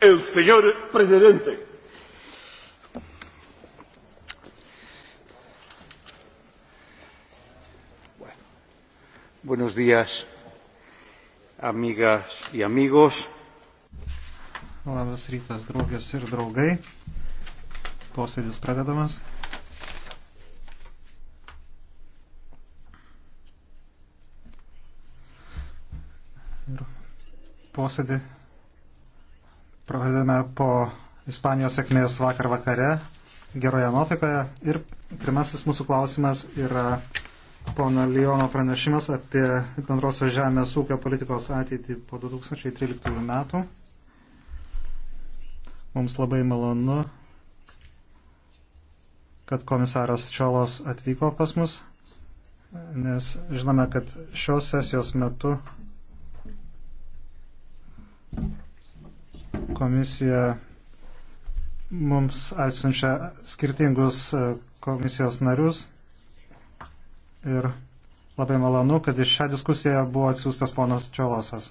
el señor presidente. Bueno, buenos días, amigas y amigos. Labas rytas, draugės ir draugai. Posėdis pradedamas. Ir posėdį Pradedame po Ispanijos sėkmės vakar vakare, geroje nuotaikoje. Ir pirmasis mūsų klausimas yra pono Liono pranešimas apie bendrosios žemės ūkio politikos ateitį po 2013 metų. Mums labai malonu, kad komisaras Čiolos atvyko pas mus, nes žinome, kad šios sesijos metu komisija mums atsiunčia skirtingus e, komisijos narius. Ir labai malonu, kad iš šią diskusiją buvo atsiųstas ponas Čiolosas.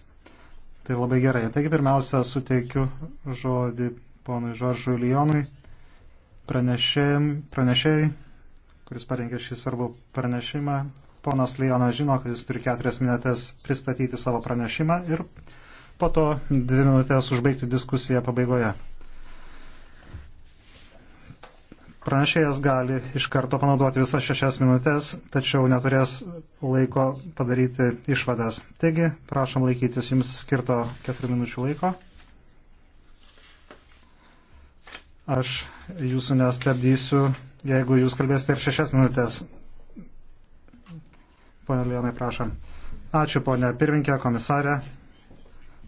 Tai labai gerai. Taigi pirmiausia, suteikiu žodį ponui Žoržui Lijonui, pranešėjai, kuris parengė šį svarbų pranešimą. Ponas Lijonas žino, kad jis turi keturias minutės pristatyti savo pranešimą ir po to dvi minutės užbaigti diskusiją pabaigoje. Pranešėjas gali iš karto panaudoti visas šešias minutės, tačiau neturės laiko padaryti išvadas. Taigi, prašom laikytis jums skirto keturių minučių laiko. Aš jūsų nestabdysiu, jeigu jūs kalbėsite ir šešias minutės. Pone Lionai, prašom. Ačiū, ponė pirminkė, komisarė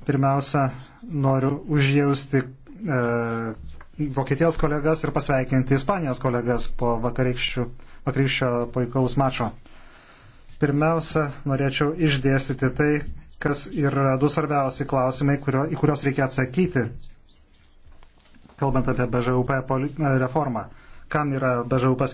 pirmiausia, noriu užjausti e, Vokietijos kolegas ir pasveikinti Ispanijos kolegas po vakarykščio puikaus mačo. Pirmiausia, norėčiau išdėstyti tai, kas yra du svarbiausi klausimai, kurio, į kuriuos reikia atsakyti, kalbant apie BŽUP reformą. Kam yra BŽUP